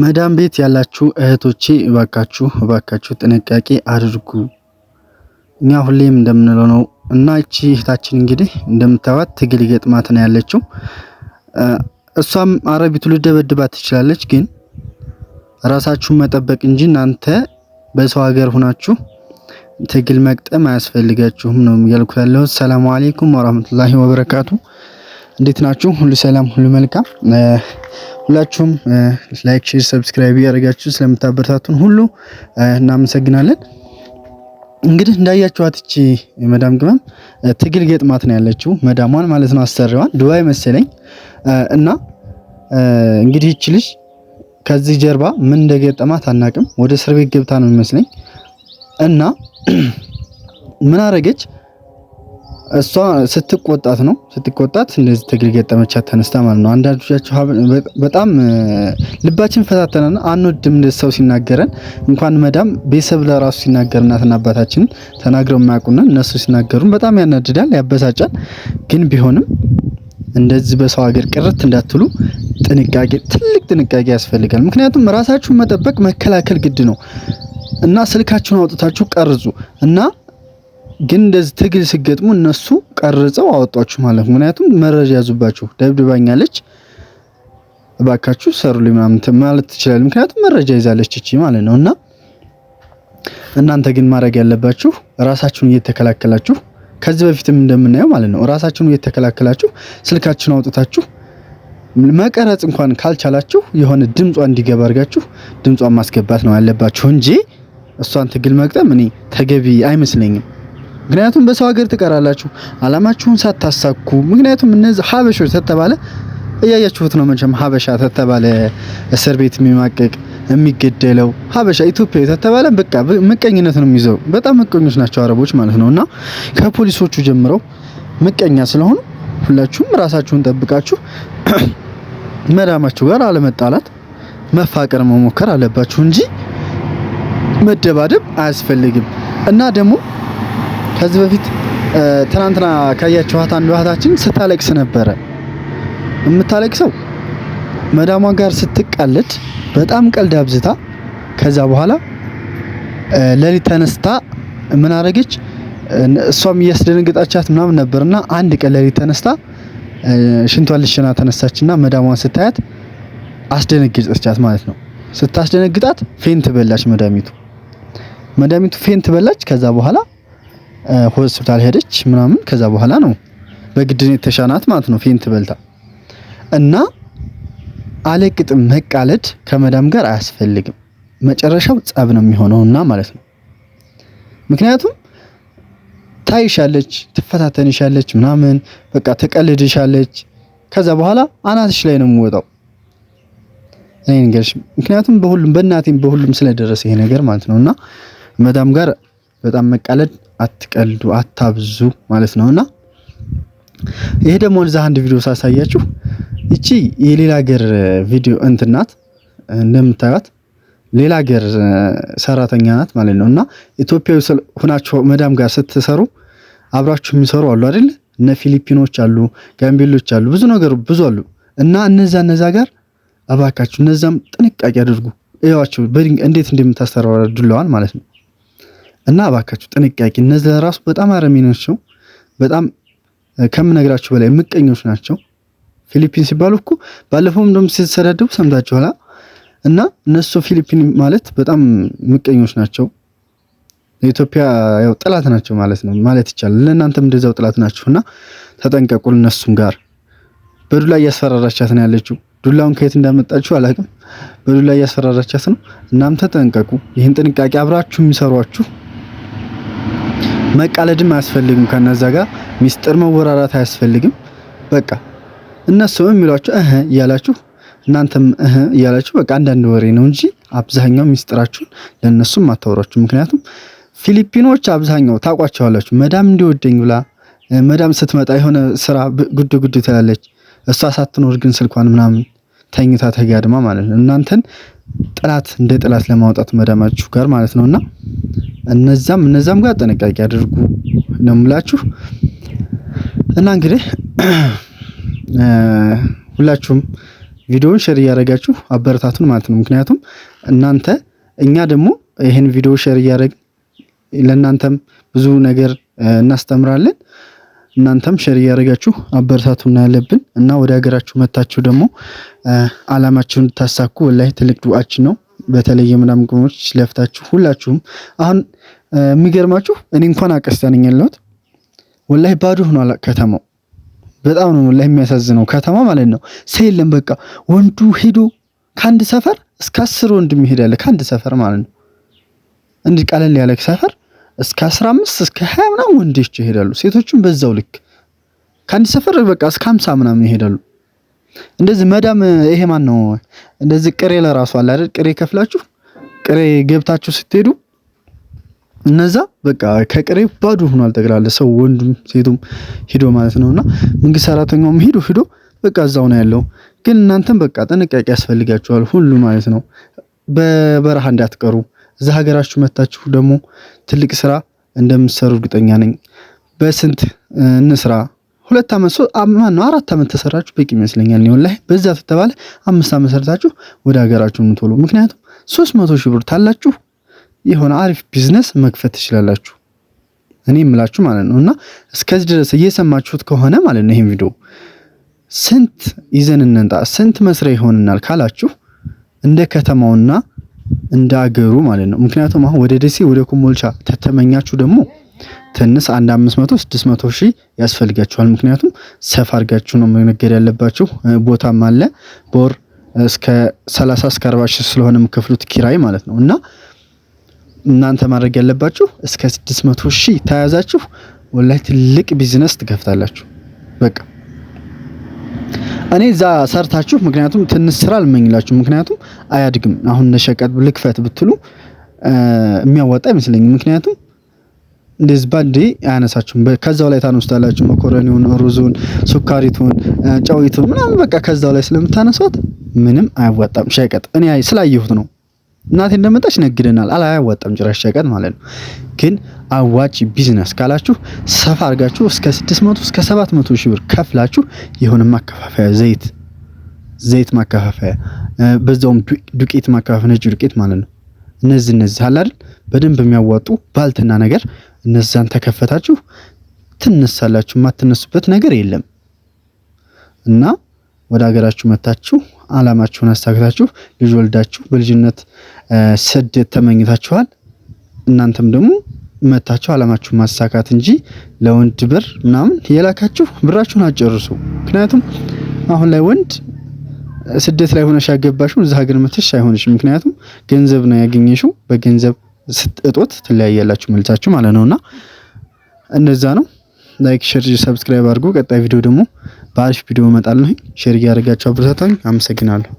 መዳም ቤት ያላችሁ እህቶቼ እባካችሁ እባካችሁ ጥንቃቄ አድርጉ። እኛ ሁሌም እንደምንለው ነው እና እቺ እህታችን እንግዲህ እንደምታዩት ትግል ገጥማት ነው ያለችው። እሷም አረቢቱ ልደበድባት ትችላለች፣ ግን ራሳችሁን መጠበቅ እንጂ እናንተ በሰው ሀገር ሁናችሁ ትግል መቅጠም አያስፈልጋችሁም ነው እያልኩ ያለው። ሰላሙ አሌይኩም ወራህመቱላሂ ወበረካቱ። እንዴት ናችሁ? ሁሉ ሰላም፣ ሁሉ መልካም ሁላችሁም ላይክ፣ ሼር፣ ሰብስክራይብ እያደረጋችሁ ስለምታበረታቱን ሁሉ እናመሰግናለን። እንግዲህ እንዳያችኋት እቺ መዳም ቅመም ትግል ገጥማት ነው ያለችው። መዳሟን ማለት ነው አሰሪዋን ዱባይ መሰለኝ እና እንግዲህ እቺ ልጅ ከዚህ ጀርባ ምን እንደገጠማት አናቅም። ወደ እስር ቤት ገብታ ነው የሚመስለኝ እና ምን አረገች? እሷ ስትቆጣት ነው ስትቆጣት እንደዚህ ትግል ገጠመቻት ተነስታ ማለት ነው። አንዳንዶቻችሁ በጣም ልባችን ፈታተነና አንወድም እንደዚህ ሰው ሲናገረን እንኳን መዳም ቤተሰብ ለራሱ ሲናገር እናትና አባታችንን ተናግረው የማያውቁና እነሱ ሲናገሩን በጣም ያናድዳል፣ ያበሳጫል። ግን ቢሆንም እንደዚህ በሰው ሀገር ቅርት እንዳትሉ ጥንቃቄ፣ ትልቅ ጥንቃቄ ያስፈልጋል። ምክንያቱም ራሳችሁን መጠበቅ መከላከል ግድ ነው እና ስልካችሁን አውጥታችሁ ቀርጹ እና ግን እንደዚህ ትግል ሲገጥሙ እነሱ ቀርጸው አወጧችሁ ማለት ነው። ምክንያቱም መረጃ ያዙባችሁ፣ ደብድባኛለች እባካችሁ ሰሩልኝ ምናምን ማለት ትችላለች። ምክንያቱም መረጃ ይዛለች እቺ ማለት ነው። እና እናንተ ግን ማድረግ ያለባችሁ ራሳችሁን እየተከላከላችሁ ከዚህ በፊትም እንደምናየው ማለት ነው ራሳችሁን እየተከላከላችሁ ስልካችሁን አውጥታችሁ መቀረጽ እንኳን ካልቻላችሁ የሆነ ድምጿ እንዲገባ አድርጋችሁ ድምጿን ማስገባት ነው ያለባችሁ እንጂ እሷን ትግል መቅጠም እኔ ተገቢ አይመስለኝም። ምክንያቱም በሰው ሀገር ትቀራላችሁ አላማችሁን ሳታሳኩ። ምክንያቱም እነዚህ ሀበሾች ተተባለ እያያችሁት ነው መቼም ሀበሻ ተተባለ እስር ቤት የሚማቀቅ የሚገደለው ሀበሻ ኢትዮጵያ ተተባለ በቃ ምቀኝነት ነው የሚይዘው። በጣም ምቀኞች ናቸው አረቦች ማለት ነው። እና ከፖሊሶቹ ጀምረው ምቀኛ ስለሆኑ ሁላችሁም ራሳችሁን ጠብቃችሁ መዳማችሁ ጋር አለመጣላት፣ መፋቀር መሞከር አለባችሁ እንጂ መደባደብ አያስፈልግም እና ደግሞ ከዚህ በፊት ትናንትና ካያችኋት አንዱ እህታችን ስታለቅስ ነበረ። የምታለቅሰው መዳሟ ጋር ስትቃለድ በጣም ቀልድ አብዝታ፣ ከዛ በኋላ ሌሊት ተነስታ ምን አረገች? እሷም እያስደነገጣቻት ምናምን ነበርና አንድ ቀን ሌሊት ተነስታ ሽንቷን ልሽና ተነሳችና መዳሟን ስታያት አስደነግጠቻት ማለት ነው። ስታስደነግጣት ፌንት በላች መዳሚቱ። መዳሚቱ ፌንት በላች። ከዛ በኋላ ሆስፒታል ሄደች ምናምን። ከዛ በኋላ ነው በግድን የተሻናት ማለት ነው ፌንት በልታ እና አለቅጥም መቃለድ ከመዳም ጋር አያስፈልግም። መጨረሻው ጸብ ነው የሚሆነውና ማለት ነው። ምክንያቱም ታይሻለች፣ ትፈታተንሻለች፣ ምናምን በቃ ትቀልድሻለች። ከዛ በኋላ አናትሽ ላይ ነው የምወጣው እኔ። ምክንያቱም በሁሉም በእናቴም በሁሉም ስለደረሰ ይሄ ነገር ማለት ነውና መዳም ጋር በጣም መቃለድ አትቀልዱ፣ አታብዙ ማለት ነው እና ይሄ ደግሞ እዛ አንድ ቪዲዮ ሳሳያችሁ እቺ የሌላ ሀገር ቪዲዮ እንትናት እንደምታዩት ሌላ ሀገር ሰራተኛ ናት ማለት ነው እና ኢትዮጵያዊ ሆናችሁ መዳም ጋር ስትሰሩ አብራችሁ የሚሰሩ አሉ አይደል? እነ ፊሊፒኖች አሉ፣ ጋምቤሎች አሉ፣ ብዙ ነገር ብዙ አሉ እና እነዛ እነዛ ጋር እባካችሁ እነዛም ጥንቃቄ አድርጉ። እያዋቸው እንዴት እንደምታስተራራ ማለት ነው። እና እባካችሁ ጥንቃቄ። እነዚህ ለራሱ በጣም አረመኔዎች ናቸው። በጣም ከምነግራችሁ በላይ ምቀኞች ናቸው። ፊሊፒን ሲባሉ እኮ ባለፈው እንደውም ሲሰዳደቡ ሰምታችኋላ። እና እነሱ ፊሊፒን ማለት በጣም ምቀኞች ናቸው። ለኢትዮጵያ ያው ጥላት ናቸው ማለት ነው ማለት ይቻላል። ለእናንተም እንደዛው ጥላት ናችሁና ተጠንቀቁ። እነሱም ጋር በዱላ እያስፈራራቻት ነው ያለችው። ዱላውን ከየት እንዳመጣችሁ አላውቅም። በዱላ እያስፈራራቻት ነው። እናም ተጠንቀቁ። ይህን ጥንቃቄ አብራችሁ የሚሰሯችሁ መቃለድም አያስፈልግም። ከነዛ ጋር ሚስጥር መወራራት አያስፈልግም። በቃ እነሱ የሚሏችሁ እህ እያላችሁ እናንተም እህ እያላችሁ በቃ አንዳንድ ወሬ ነው እንጂ አብዛኛው ሚስጥራችሁን ለእነሱም አታወሯችሁ። ምክንያቱም ፊሊፒኖች አብዛኛው ታውቋቸዋላችሁ። መዳም እንዲወደኝ ብላ መዳም ስትመጣ የሆነ ስራ ጉድ ጉድ ትላለች። እሷ ሳትኖር ግን ስልኳን ምናምን ተኝታ ተጋድማ ማለት ነው እናንተን ጠላት እንደ ጠላት ለማውጣት መዳማችሁ ጋር ማለት እና እነዛም እነዛም ጋር ጥንቃቄ አድርጉ ነው ምላችሁ እና እንግዲህ ሁላችሁም ቪዲዮውን ሼር እያደረጋችሁ አበረታቱን ማለት ነው። ምክንያቱም እናንተ እኛ ደግሞ ይህን ቪዲዮ ሼር እያደረግን ለእናንተም ብዙ ነገር እናስተምራለን። እናንተም ሸር እያደረጋችሁ አበረታቱና ያለብን እና ወደ ሀገራችሁ መታችሁ ደግሞ አላማችሁን እንድታሳኩ ወላሂ ትልቅ ዱዓችን ነው። በተለይ ምናምን ቅሞች ለፍታችሁ ሁላችሁም አሁን የሚገርማችሁ እኔ እንኳን አቀስታ ነኝ ያለሁት ወላሂ ባዶ ሆኗል ከተማው። በጣም ነው ወላሂ የሚያሳዝነው ከተማ ማለት ነው። ሰው የለም በቃ ወንዱ ሄዶ ከአንድ ሰፈር እስከ አስር ወንድ የሚሄዳለ ከአንድ ሰፈር ማለት ነው። እንዲህ ቀለል ያለ ሰፈር እስከ 15 እስከ 20 ምናምን ወንዶች ይሄዳሉ። ሴቶችም በዛው ልክ ከአንድ ሰፈር በቃ እስከ 50 ምናምን ይሄዳሉ። እንደዚህ መዳም ይሄ ማን ነው እንደዚህ ቅሬ ለራሱ አለ አይደል? ቅሬ ከፍላችሁ ቅሬ ገብታችሁ ስትሄዱ እነዛ በቃ ከቅሬ ባዶ ሆኗል ጠቅላላ ሰው ወንዱም ሴቱም ሂዶ ማለት ነውና መንግስት ሰራተኛውም ሂዶ ሂዶ በቃ እዛው ነው ያለው። ግን እናንተም በቃ ጥንቃቄ ያስፈልጋችኋል ሁሉ ማለት ነው። በበረሃ እንዳትቀሩ። እዚ ሀገራችሁ መታችሁ ደግሞ ትልቅ ስራ እንደምትሰሩ እርግጠኛ ነኝ። በስንት እንስራ ሁለት ዓመት ሶ ማነው አራት ዓመት ተሰራችሁ በቂ ይመስለኛል። ነው ላይ በዛ ተተባለ አምስት ዓመት ሰርታችሁ ወደ ሀገራችሁ የምትወሉ ምክንያቱም ሶስት መቶ ሺህ ብር ታላችሁ የሆነ አሪፍ ቢዝነስ መክፈት ትችላላችሁ። እኔ የምላችሁ ማለት ነው እና እስከዚህ ድረስ እየሰማችሁት ከሆነ ማለት ነው ይሄን ቪዲዮ ስንት ይዘን እንንጣ ስንት መስሪያ ይሆንናል ካላችሁ እንደ ከተማውና እንደ አገሩ ማለት ነው። ምክንያቱም አሁን ወደ ደሴ ወደ ኮምቦልቻ ተተመኛችሁ ደግሞ ትንስ አንድ አምስት መቶ ስድስት መቶ ሺህ ያስፈልጋችኋል። ምክንያቱም ሰፋ አድርጋችሁ ነው መነገድ ያለባችሁ። ቦታም አለ በወር እስከ 30 እስከ 40 ሺህ ስለሆነ የምከፍሉት ኪራይ ማለት ነው። እና እናንተ ማድረግ ያለባችሁ እስከ 600 ሺህ ተያዛችሁ፣ ወላይ ትልቅ ቢዝነስ ትከፍታላችሁ በቃ እኔ እዛ ሰርታችሁ ምክንያቱም ትንሽ ስራ አልመኝላችሁ። ምክንያቱም አያድግም። አሁን እንደሸቀጥ ልክፈት ብትሉ የሚያወጣ አይመስለኝም። ምክንያቱም እንደዚህ ባንዴ አያነሳችሁም። ከዛው ላይ ታነሱታላችሁ። መኮረኒውን፣ ሩዙን፣ ሱካሪቱን፣ ጨዊቱን ምናምን በቃ ከዛው ላይ ስለምታነሷት ምንም አያዋጣም ሸቀጥ። እኔ ስላየሁት ነው። እናቴ እንደመጣች ነግደናል። አላያዋጣም ጭራሽ ሸቀጥ ማለት ነው። ግን አዋጭ ቢዝነስ ካላችሁ ሰፋ አድርጋችሁ እስከ 600 እስከ 700 ሺህ ብር ከፍላችሁ የሆነ ማከፋፈያ ዘይት ዘይት ማከፋፈያ በዛውም ዱቄት ማከፋፈያ ነጭ ዱቄት ማለት ነው። እነዚህ እነዚህ አለ አይደል በደንብ የሚያዋጡ ባልትና ነገር እነዛን ተከፈታችሁ ትነሳላችሁ። የማትነሱበት ነገር የለም እና ወደ ሀገራችሁ መታችሁ አላማችሁን አሳክታችሁ ልጅ ወልዳችሁ በልጅነት ስደት ተመኝታችኋል። እናንተም ደግሞ መታችሁ አላማችሁ ማሳካት እንጂ ለወንድ ብር ምናምን የላካችሁ ብራችሁን አጨርሱ። ምክንያቱም አሁን ላይ ወንድ ስደት ላይ ሆነሽ ያገባሽው እዛ ሀገር መተሽ አይሆንሽ። ምክንያቱም ገንዘብ ነው ያገኘሽው። በገንዘብ እጦት ትለያያላችሁ መልሳችሁ ማለት እና እነዛ ነው። ላይክ፣ ሸር፣ ሰብስክራይብ አድርጉ። ቀጣይ ቪዲዮ ደግሞ በአሪፍ ቪዲዮ እመጣለሁ። ሼር እያደረጋችሁ አብረታታኝ። አመሰግናለሁ።